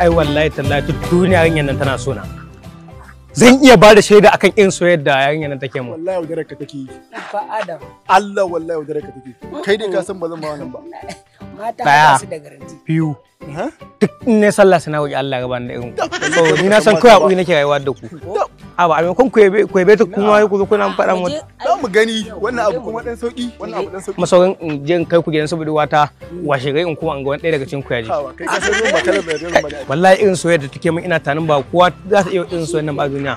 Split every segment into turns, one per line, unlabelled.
ai wallahi tallahi duk duniya yarinyar nan tana sona zan iya ba da shaida akan in soyayyar da yarinyar nan take mu wallahi yaudarar ka take ba adam Allah wallahi yaudarar ka take kai dai ka san ba zan ba wannan ba mata ba su da garanti biyu duk ne sallah sana wuki Allah gaban da irin so ni na san kai uyi nake rayuwa da ku abu a maimakon ku yabe ta kuma ku zo kuna faɗa mu za mu gani wannan abu kuma dan sauki wannan abu dan sauki masauran in je in kai ku gidan saboda wata washe gai in kuma an ga wani ɗaya daga cikin ku ya wallahi irin soyayya da take min ina tanin ba kowa za ta iya irin soyayya nan ba duniya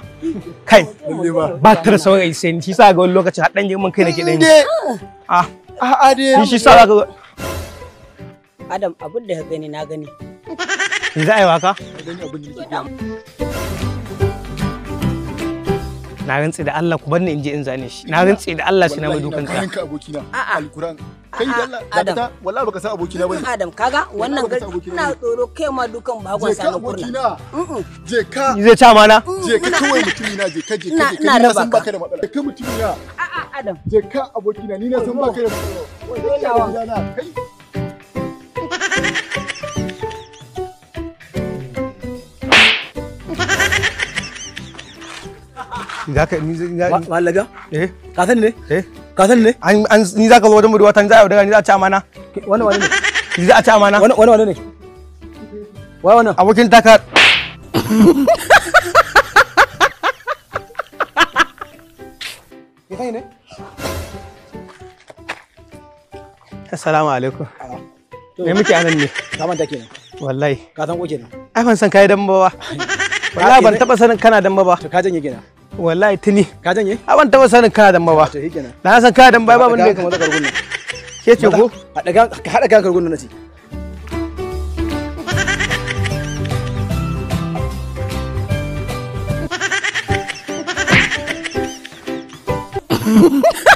kai ba ta da saurayi sai ni shi sa ga wani lokaci har je mun kai nake dan a a dai shi sa ga Adam abin da ka gani na gani. Za a yi waka? na rantse da Allah ku bar ni in je in zane shi na rantse da Allah shi na mai dukan ka a abokina alquran kai da Allah da ta wallahi baka san abokina bane Adam kaga wannan ga ina tsoro kai ma dukan bagon sa na kurna je ka je ta mana je ka kai mutumi na je ka je ka je na san baka da matsala kai mutumi na a'a Adam je ka abokina ni na san baka da matsala wallahi kai Za ka ni Wallaga? Eh. Ka sani ne? Eh. Ka sani ne? An an ni za ka zo wajen budurwa tan za a yaudara ni za a ci amana. Wani wani ne? Ni za a ci amana. Wani wani wani ne? Wai wannan. Abokin taka. Ke kai ne? Assalamu alaikum. Ah. Me muke anan ne? kaman manta kenan. Wallahi. Ka san ko kenan. Ai ban san kai dan ba. Wallahi ban taba sanin kana dan ba. To ka janye kenan. wallahi tuni ka janye a ban taba sanin kana damba ba na san kana damba ba wanda ya kamata kargun nan ke ce ko a daga ka hada kan kargun nan ce Ha ha ha!